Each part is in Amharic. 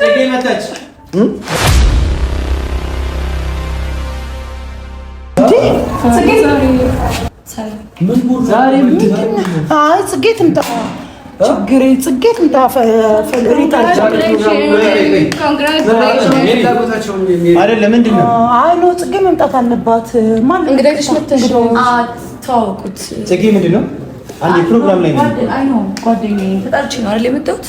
ጽጌ መጣች። አይ ጽጌ ትምጣ፣ ችግር ጽጌ ትምጣ። አይደለም ምንድን ነው? አይ ኖ ጽጌ መምጣት አለባት። ማን እንግዳሽ ጽጌ ምንድን ነው? አንዴ ፕሮግራም ላይ ነው ጓደኛዬ ተጣልቼ ነው አይደል የመጣሁት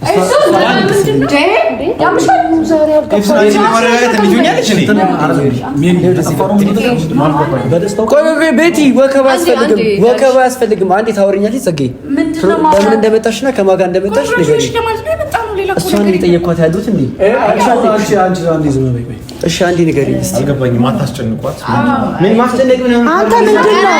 ቤቲ ወከባ አያስፈልግም፣ ወከባ አያስፈልግም። አንዴ ታወሪኛለሽ፣ ጸጌ ለምን እንደመጣሽ እና ከማን ጋር እንደመጣሽ እሷን የጠየኳት ያሉት እሺ አንዴ ንገሪኝ እስኪ። አልገባኝም። አታስጨንቋት። ምን ማስጨነቅ ምናምን አንተ ምንድን ነው ተረጋጋ።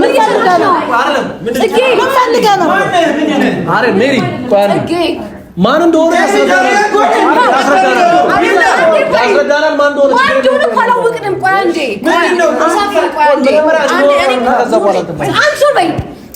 ምን ፈልገህ ነው? ማን እንደሆነ ያስረዳናል። ማን እንደሆነ አላወቅንም።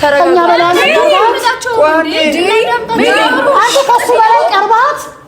ከእኛ በላይ በላይ ቀርባት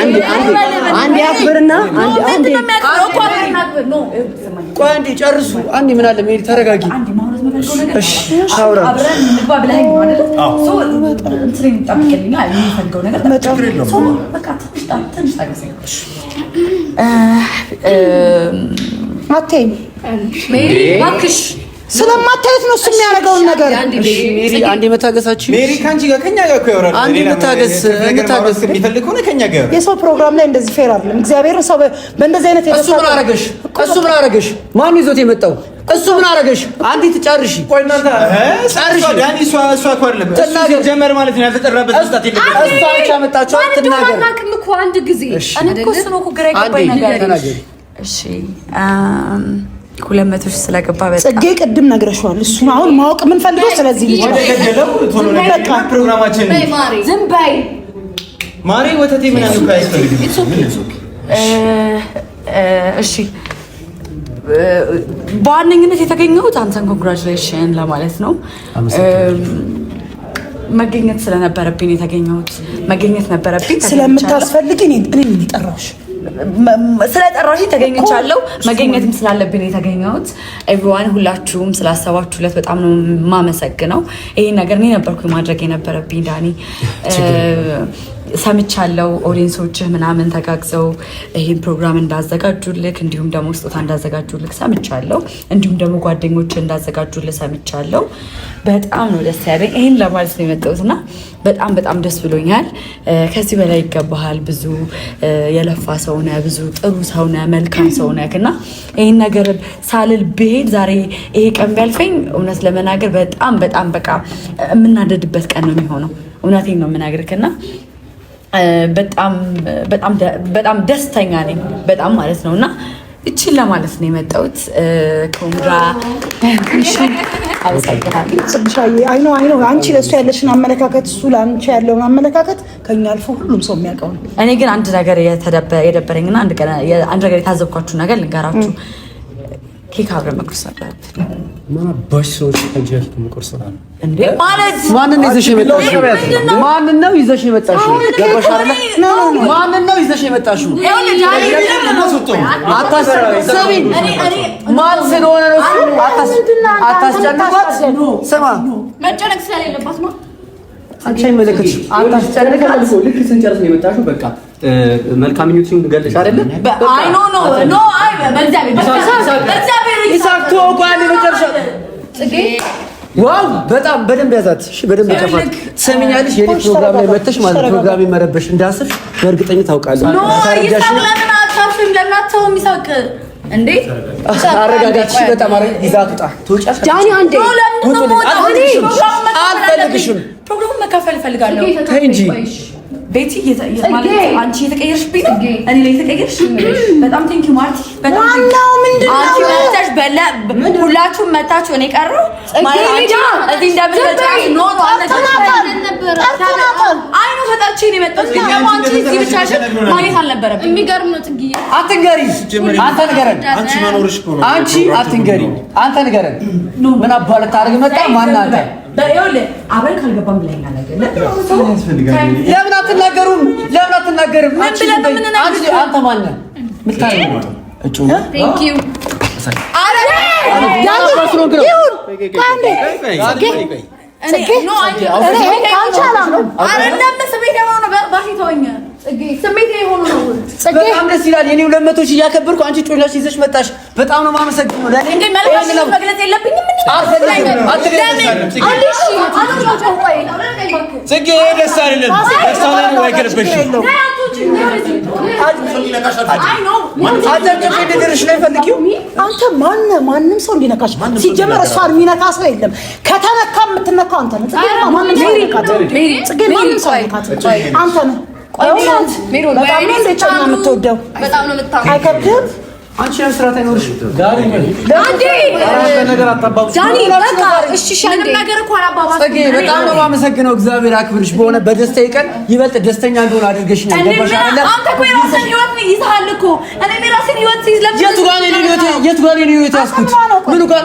አንድ ያክብርና አንድ አንድ ጨርሱ። አንድ ምን አለ ሜሪ ተረጋጊ። እሺ አውራ አዎ ስለማታየት ነው እሱ የሚያደርገውን ነገር። ሜሪ አንዴ መታገሳችሁ። ሜሪ ካንቺ ጋር ከኛ ጋር እኮ ያወራል። አንዴ መታገስ መታገስ የሚፈልግ ከሆነ ከኛ ጋር የሰው ፕሮግራም ላይ እንደዚህ ፌር አይደለም። እግዚአብሔር ሰው በእንደዚህ አይነት እሱ ምን አረገሽ? እሱ ምን ማን ይዞት የመጣው እሱ ምን አረገሽ? አንዲት ጨርሺ። ጀመር ማለት ነው። ያልተጠራበት አትናገር። አንድ ጊዜ ነገር እሺ ሁለት መቶ ሺህ ስለገባ ጽጌ ቅድም ነግረሽዋል። እሱን አሁን ማወቅ ፈልጎ ስለዚህ ልጅ ነው። ዝም በይ ማሬ፣ ወተቴ ምን ምናምን አያስፈልግም። እሺ በዋነኝነት የተገኘሁት አንተን ኮንግራቹሌሽን ለማለት ነው። መገኘት ስለነበረብኝ የተገኘሁት መገኘት ነበረብኝ። ስለምታስፈልግ እኔ እንዲጠራሽ ስለጠራሽ ተገኝቻለሁ። መገኘትም ስላለብን የተገኘሁት ኤቭሪዋን፣ ሁላችሁም ስላሰባችሁለት በጣም ነው የማመሰግነው። ይህ ነገር እኔ ነበርኩ ማድረግ የነበረብኝ ዳኒ ሰምቻለው ኦዲንሶችህ ምናምን ተጋግዘው ይህን ፕሮግራም እንዳዘጋጁልክ እንዲሁም ደግሞ ስጦታ እንዳዘጋጁልክ ሰምቻለው። እንዲሁም ደግሞ ጓደኞች እንዳዘጋጁልህ ሰምቻለው። በጣም ነው ደስ ያለኝ። ይህን ለማለት ነው የመጣሁት እና በጣም በጣም ደስ ብሎኛል። ከዚህ በላይ ይገባሃል። ብዙ የለፋ ሰው ነህ፣ ብዙ ጥሩ ሰው ነህ፣ መልካም ሰው ነህ እና ይህን ነገር ሳልል ብሄድ ዛሬ ይሄ ቀን ቢያልፈኝ እውነት ለመናገር በጣም በጣም በቃ የምናደድበት ቀን ነው የሚሆነው። እውነቴን ነው የምናገርክና በጣም ደስተኛ ነኝ። በጣም ማለት ነው እና እችን ለማለት ነው የመጣሁት። ኮንግራ አመሰግናለሁ። አንቺ ለእሱ ያለሽን አመለካከት እሱ ለአንቺ ያለውን አመለካከት ከኛ አልፎ ሁሉም ሰው የሚያውቀው ነው። እኔ ግን አንድ ነገር የደበረኝና አንድ ነገር የታዘብኳችሁ ነገር ልንገራችሁ ኬክ አብረን መቁረስ ነበረብን። ማን አባሽ ሰዎች ከእንጀራ መቁረስ አለ እንዴ? ማለት ማንን ነው ይዘሽ የመጣሽው? ማንን ነው ይዘሽ የመጣሽው? አይደለ? ማንን ነው ይዘሽ ማን ስለሆነ ነው አታስጨንቋት። ስማ መጨነቅ ስለሌለባት ነው። አንቺ ልክ ስንጨርስ ነው የመጣሽው። በቃ መልካም ምኞትሽን ገልጽ አይደለ? አይ ኖ ኖ ኖ አይ ዋው በጣም በደንብ ያዛት። እሺ በደንብ ይከፋት። ትሰሚኛለሽ? የኔ ፕሮግራም ላይ መተሽ ማለት ነው። ፕሮግራም መረበሽ እንዳስብ በእርግጠኝ ታውቃለህ። ኖ ይሳቅ ለምን አታፍሽም? ለምን አትተውም? እንዴ አረጋጋት። እሺ በጣም አረ ይዛት ውጣ። ትወጫለሽ ዳኒ። አንዴ አልፈልግሽም። ፕሮግራሙን መካፈል እፈልጋለሁ። ተይ እንጂ ቤቲ አንቺ የተቀየርሽብኝ ነው፣ እኔ ላይ የተቀየርሽ። በጣም ቴንኪ ማርቲ። ሁላችሁም መታችሁ፣ እኔ ቀረሁ። አይኑ ነው ደግሞ አንቺ እዚህ የሚገርም ነው። አትንገሪ፣ አንተ ንገረን። አንቺ አትንገሪ፣ አንተ ንገረን። ምን አባለ አድርግ መጣ ማናንተ አብረን ለምን አትናገሩም? ለምን አትናገርም? አንተ ስሜት የሆኑ በጣም ደስ ይላል። የኔ ሁለት መቶ ሺህ እያከበርኩ አንቺ ጮላሽ ይዘሽ መጣሽ። በጣም ነው የማመሰግነው። አንተ ማነ ማንም ሰው እንዲነካሽ ሲጀመር እሷን የሚነካ ሰው የለም። ከተነካ የምትነካው አንተ ነህ። ማንም ሰው አንተ ነህ የምትወደው አይከብድም። አንቺ ያን ስራት አይኖርሽ በጣም ነው የማመሰግነው። እግዚአብሔር አክብርሽ። በሆነ በደስታዬ ቀን ይበልጥ ደስተኛ እንደሆነ አድርገሽ ነው። ያስኩት? ምኑ ጋር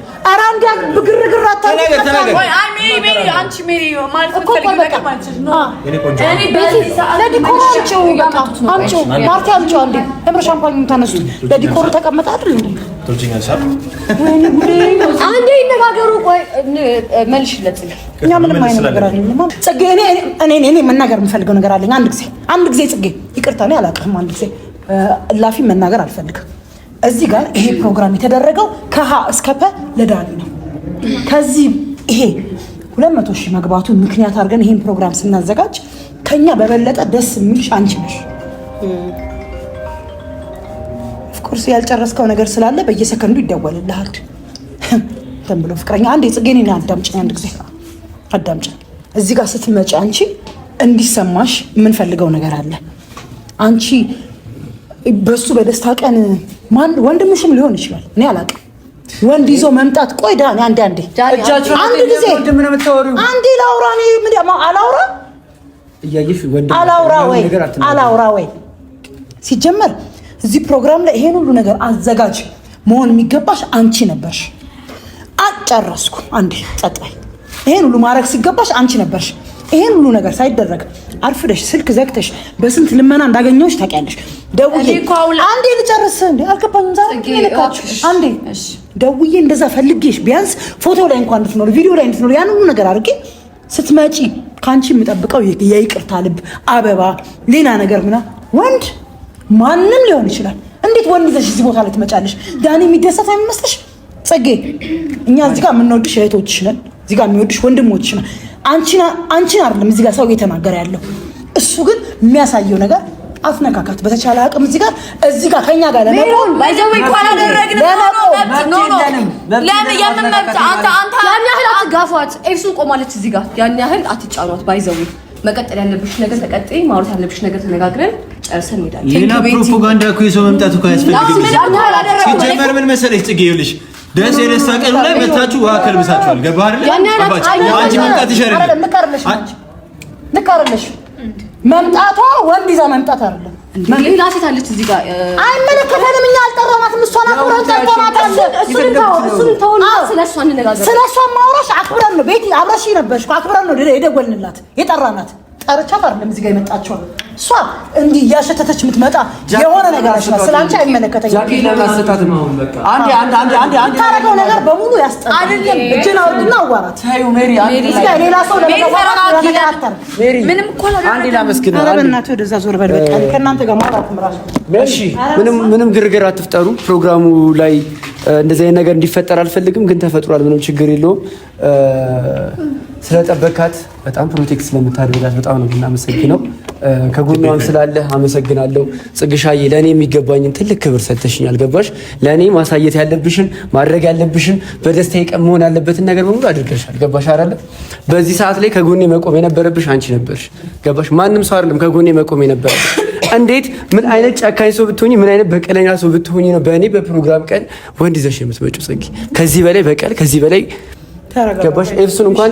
ኧረ አንድ ግርግር ለዲኮሩ ተቀመጠ አይደል? አንዴ ይነጋገሩ። ቆይ መልሽለት። ነገር እኔ መናገር የምፈልገው ነገር አለኝ። አንድ ጊዜ አንድ ጊዜ ጽጌ ይቅርታ፣ እኔ አላውቅም። አንድ ጊዜ ላፊ መናገር አልፈልግም እዚህ ጋር ይሄ ፕሮግራም የተደረገው ከሀ እስከ ፐ ለዳኒ ነው። ከዚህ ይሄ 200 ሺህ መግባቱን ምክንያት አድርገን ይሄን ፕሮግራም ስናዘጋጅ ከኛ በበለጠ ደስ የሚልሽ አንቺ ነሽ። ኦፍኮርስ ያልጨረስከው ነገር ስላለ በየሰከንዱ ይደወልልሃል። ብሎ ፍቅረኛ አንድ የጽጌኔ ና አዳምጭ፣ አንድ ጊዜ አዳምጭ። እዚህ ጋር ስትመጪ አንቺ እንዲሰማሽ የምንፈልገው ነገር አለ። አንቺ በሱ በደስታ ቀን ወንድምሽም ሊሆን ይችላል። እኔ አላውቅም። ወንድ ይዞ መምጣት ቆይ ዳን አንዴ አንዴ አንድ ጊዜ አንዴ ላውራ እኔ አላውራ አላውራ ወይ አላውራ ወይ ሲጀመር እዚህ ፕሮግራም ላይ ይሄን ሁሉ ነገር አዘጋጅ መሆን የሚገባሽ አንቺ ነበርሽ። አጨረስኩ አንዴ ጠጣይ ይሄን ሁሉ ማድረግ ሲገባሽ አንቺ ነበርሽ። ይሄን ሁሉ ነገር ሳይደረግ አርፍደሽ ስልክ ዘግተሽ በስንት ልመና እንዳገኘሁሽ ታውቂያለሽ። ደውዬ አንዴ ልጨርስ እንዴ አልከባኝም። ዛሬ አንዴ ደውዬ እንደዛ ፈልጌሽ ቢያንስ ፎቶ ላይ እንኳን እንድትኖር ቪዲዮ ላይ እንድትኖር ያን ሁሉ ነገር አድርጌ ስትመጪ ከአንቺ የምጠብቀው የይቅርታ ልብ፣ አበባ፣ ሌላ ነገር ምና ወንድ ማንም ሊሆን ይችላል። እንዴት ወንድ ይዘሽ እዚህ ቦታ ላይ ትመጫለሽ? ዳኒ የሚደሰት አይመስልሽ? ጽጌ፣ እኛ እዚህ ጋር የምንወድሽ እህቶችሽ ነን። እዚህ ጋር የሚወድሽ ወንድሞችሽ ነን። አንቺን አይደለም እዚህ ጋር ሰው እየተናገረ ያለው እሱ ግን የሚያሳየው ነገር አትነካካት በተቻለ አቅም እዚህ ጋር እዚህ ጋር ከኛ ጋር ለመሆን ባይዘው አትጋፏት። ኤፍሱ ቆማለች እዚህ ጋር ያን ያህል አትጫኗት። ባይዘው መቀጠል ያለብሽ ነገር ተቀጥይ፣ ማውራት ያለብሽ ነገር ተነጋግረን ጨርሰን እንሄዳለን። ሌላ ፕሮፓጋንዳ እኮ የሰው መምጣት እኮ ያስፈልግልሽ ሲጀመር ምን መሰለሽ ጽጌ ይኸውልሽ ደስ የደስታ ቀን ላይ መታችሁ ውሃ ከልብሳችኋል። ገባህ አይደል? አንቺ መምጣት ይሻላል። ልከርልሽ መምጣቷ ወንድ ይዛ መምጣት አይደለም። ሌላ ሴት አለች እዚህ ጋር አይመለከተንም። እኛ አልጠራናትም። እሷን አክብረን ጠርተናታል። ስለሷ ማውራሽ አክብረን ነው ቤት አብረሽ ነበርሽ። አክብረን ነው የደወልንላት የጠራናት። ጠርቻት አይደለም እዚህ ጋር የመጣችኋል እሷ እንዲህ እያሸተተች የምትመጣ የሆነ ነገር ስለ አንቺ አይመለከተኝም። የምታረገው ነገር በሙሉ ያስጠላል። አይደለም እጅን አውርድና አዋራት። ሌላ ሰው ምንም ግርግር አትፍጠሩ ፕሮግራሙ ላይ እንደዚህ አይነት ነገር እንዲፈጠር አልፈልግም፣ ግን ተፈጥሯል። ምንም ችግር የለውም። ስለጠበካት በጣም ፕሮቴክት ስለምታደርጋት በጣም ነው የምናመሰግነው። ከጎኗም ስላለህ አመሰግናለሁ። ጽግሻዬ ለእኔ የሚገባኝን ትልቅ ክብር ሰጥተሽኛል። ገባሽ? ለእኔ ማሳየት ያለብሽን ማድረግ ያለብሽን በደስታ ቀን መሆን ያለበትን ነገር በሙሉ አድርገሻል። ገባሽ አይደለ? በዚህ ሰዓት ላይ ከጎኔ መቆም የነበረብሽ አንቺ ነበርሽ። ገባሽ? ማንም ሰው አይደለም ከጎኔ መቆም የነበረብሽ እንዴት ምን አይነት ጨካኝ ሰው ብትሆኝ፣ ምን አይነት በቀለኛ ሰው ብትሆኝ ነው በእኔ በፕሮግራም ቀን ወንድ ይዘሽ የምትመጪው? ጽጌ ከዚህ በላይ በቀል ከዚህ በላይ ገባሽ? ኤፍሱን እንኳን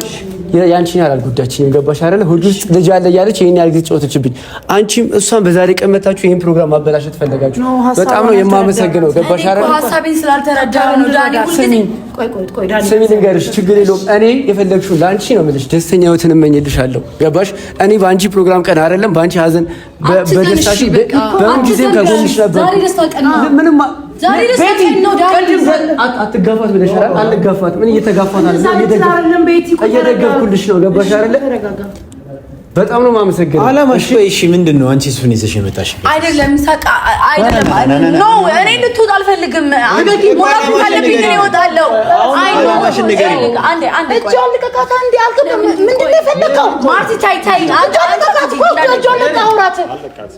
ያንቺን ያላል ጉዳችን ገባሽ አይደለ? ሆድ ውስጥ ልጅ አለ እያለች ይሄን ያህል ጊዜ ጮተችብኝ። አንቺም እሷን በዛሬ ቀን መታችሁ ይሄን ፕሮግራም ማበላሸት ፈለጋችሁ። በጣም ነው የማመሰግነው። ገባሽ አይደለ? ሀሳቤን ስላልተረዳ ነው ዳኒ። ስሚ ልንገርሽ፣ ችግር የለውም። እኔ የፈለግሽው ለአንቺ ነው የምልሽ፣ ደስተኛ ህይወትን እመኝልሻለሁ። ገባሽ? እኔ በአንቺ ፕሮግራም ቀን አይደለም በአንቺ ሀዘን በደስታሽ በምን ጊዜም ከጎንሽ ነበር ምንም ዛሬ ነው አትጋፋት ብለሽ አይደል? አልጋፋት ምን እየተጋፋት እየደገፍኩልሽ ነው። ገባሽ አይደል? በጣም ነው የማመሰግነው። አላማሽ እሺ፣ ምንድን ነው አንቺ እሱን ይዘሽ የመጣሽ? አይደለም ሳቃ አይደለም ኖ፣ እኔ ልትወጣ አልፈልግም። አገዲ ሞራል ካለብኝ ነው እወጣለሁ። አይ ነው አንዴ አንዴ እጆ ልቀቃት አንዴ። አልከም ምንድን ነው የፈለከው? ማርቲ ታይ ታይ አንቺ ልቀቃት እኮ እጆ ልቀቃት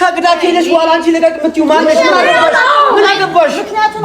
ፈቅዳ ከሄደች በኋላ አንቺ ልቀቅ ብትዩ ማነሽ? ምን አገባሽ? ምክንያቱም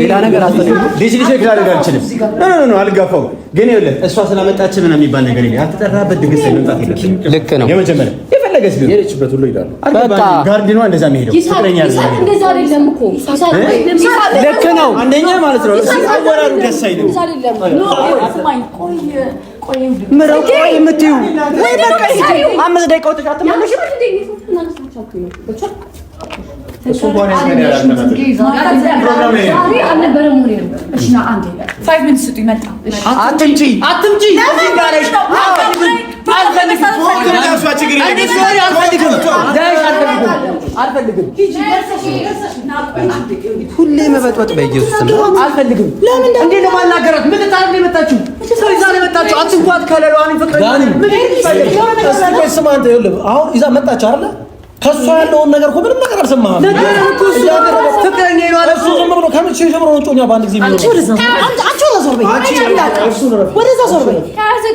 ሌላ ነገር ልጅ ልጅ ላደርግ አልችልም። አልጋፋውም፣ ግን እሷ ስለመጣች ምናምን የሚባል ነገር የለም። አትጠራበት ድግስ ላይ መምጣት የለም። ልክ ነው። የመጀመሪያ የፈለገ ሲሆን የሄደችበት ሁሉ ይሄዳሉ። ጋርዲኗ እንደዛ የሚሄደው ልክ ነው። አንደኛ ማለት ነው አወራሩ ደስ አይልም። ቆይ የምትይው ወይ በቃ አምስት ደቂቃ ሁሌ መበጥበጥ በኢየሱስ አልፈልግም። ለምን እንዴ ለማናገራት ምን ታርግ የመጣችሁ ሰው ይዛ የመጣችሁ አትጓት ከለሏን ፍቅር ምን ይፈልግ? ስማ አንተ ይኸውልህ አሁን ይዛ መጣችሁ አይደለ ከሷ ያለውን ነገር እኮ ምንም ነገር አልሰማህም። በአንድ ጊዜ የሚሆነው። ወደዛ ዞር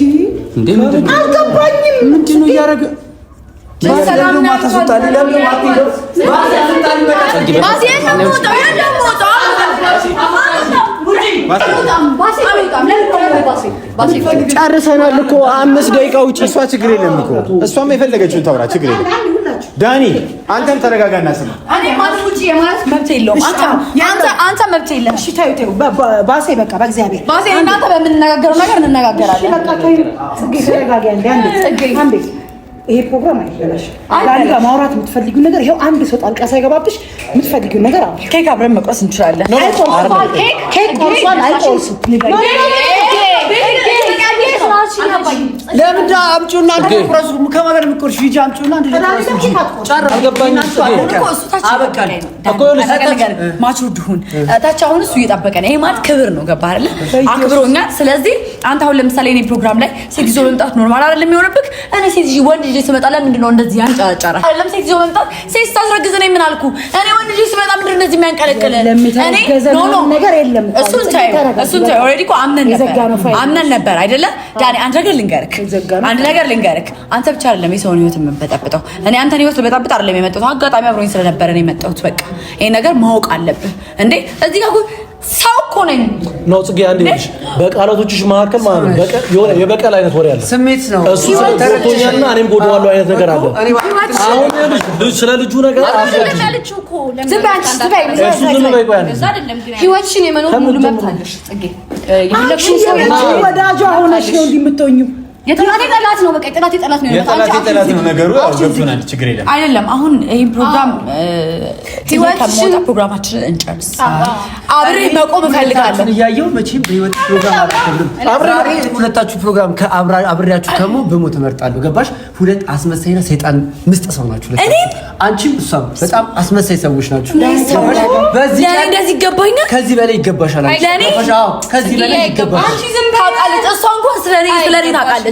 አልገባኝም። ምንድን ነው እያደረገ ጨርሰናል እኮ አምስት ደቂቃ ውጭ። እሷ ችግር የለም እኮ እሷም የፈለገችውን ታውራ ችግር የለም ዳኒ አንተም ተረጋጋና ስማ። እኔ ማለት ውጪ የማለት መብት የለውም። አንተ አንተ መብት የለም። እሺ ተይው ተይው፣ ባሴ በቃ በእግዚአብሔር ባሴ። እናንተ በምንነጋገረው ነገር እንነጋገራለን። በቃ ተረጋጋ። አንዴ አንዴ ይሄ ፕሮግራም አይበላሽም። ዳኒ ጋር ማውራት የምትፈልጊውን ነገር ይኸው፣ አንድ ሰው ጣልቃ ሳይገባብሽ የምትፈልጊውን ነገር አብረን ኬክ አብረን መቁረስ እንችላለን። ኬክ ቆርሷል አይቆርሱም ለምንድን አምጪውና አንተ ከማገር ምቆርሽ ሂጂ አምጪውና አንተ ቁራሱ ጫራ አልገባኝ አሁን እሱ እየጠበቀ ነው። ይሄ ማለት ክብር ነው። ገባህ አይደለ? አክብሮኛል። ስለዚህ አንተ አሁን ለምሳሌ እኔ ፕሮግራም ላይ ሴት ይዞ መምጣት ኖርማል አይደለም የሚሆንብህ። እኔ ሴት ይዤ ወንድ ይዤ ስመጣ ለምንድን ነው እንደዚህ ያንጫጫራል? አይደለም ሴት ይዞ መምጣት ሴት ስታስረግዝ እኔ ምን አልኩህ? እኔ ወንድ ይዤ ስመጣ ምንድን ነው እንደዚህ የሚያንቀለቅልህ? እሱን ተይው፣ እሱን ተይው። ኦልሬዲ እኮ አምነን ነበር አይደለ? ዳኒ አንድ ነገር ልንገርህ አንድ ነገር ልንገርክ፣ አንተ ብቻ አይደለም የሰውን ህይወት የምንበጠብጠው። እኔ አንተን ህይወት ልበጣብጥ አይደለም የመጣሁት፣ አጋጣሚ አብሮኝ ስለነበረ ነው የመጣሁት። በቃ ይሄን ነገር ማወቅ አለብህ እንዴ! እዚህ ጋር ሰው እኮ ነኝ ነው ጽጌ። አንዴ ልጅ በቃላቶችሽ መካከል ማለት ነው የሆነ የበቀል አይነት ወሬ አለ፣ ስሜት ነው እሱ። ስለጎድቶኛልና እኔም ጎድዋለሁ አይነት ነገር አለ። አሁን ልጅ ስለ ልጁ ነገር ህይወትሽን የመኖር ሙሉ መብት አለሽ ጽጌ። ወዳጇ ሆነሽ ነው እንዲህ የምትሆኚው የጠላቴ ጠላት ነው። በቃ የጠላቴ ጠላት ነው። ነገሩ ችግር የለም አይደለም። አሁን ይሄን ፕሮግራም ከመውጣ ፕሮግራማችንን እንጨርስ። አብሬ መቆም እፈልጋለሁ። እያየሁ መቼም በህይወት ፕሮግራም ሁለታችሁ ፕሮግራም አብሬያችሁ ከሞ በሞት እመርጣለሁ። ገባሽ? ሁለት አስመሳይና ሰይጣን ምስጥ ሰው ናችሁ። አንቺም እሷም በጣም አስመሳይ ሰዎች ናችሁ። እንደዚህ ይገባኛል። ከዚህ በላይ ይገባሻል። ከዚህ በላይ ይገባሻል። ታውቃለች። እሷ እንኳን ስለኔ ታውቃለች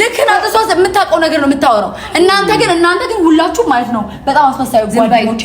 ልክ ናት። እሷ የምታውቀው ነገር ነው የምታወራው። እናንተ ግን እናንተ ግን ሁላችሁ ማለት ነው በጣም አስመሳዩ ጓደኞች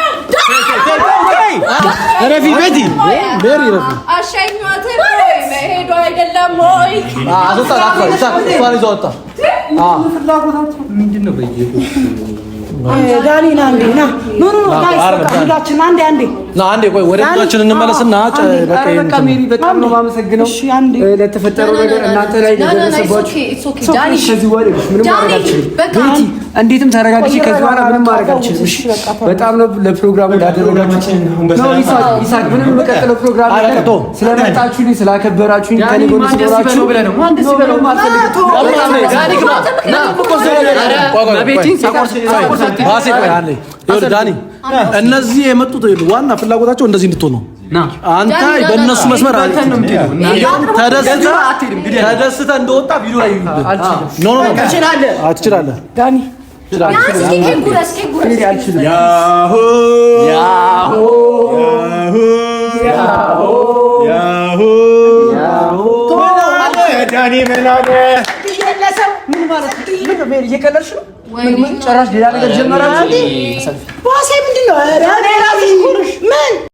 ረፊ ቤቲ ሜሪ ረፊ አሸኛት ሄዶ አይደለም ወይ አስወጣ ና አንዴ ቆይ፣ ወደ ቤታችን እንመለስና በጣም ነው ነገር እናንተ ላይ እንዴትም ተረጋግቼ ከዚህ በኋላ ምንም ማድረግ አልችልም። እሺ፣ በጣም ነው ለፕሮግራሙ ላደረጋችሁ ነው ምንም ፕሮግራም ዳኒ እነዚህ የመጡት ዋና ፍላጎታቸው እንደዚህ እንድትሆን ነው። አንተ በእነሱ መስመር ተደስተህ እንደወጣ ቪዲዮ ላይ አትችላለህ። ዳኒ ምን አለ? ምን ማለት ነው? ምን እየቀለድሽ ነው? ጭራሽ ሌላ ነገር ጀመራችሁ። ምንድን ነው? ምን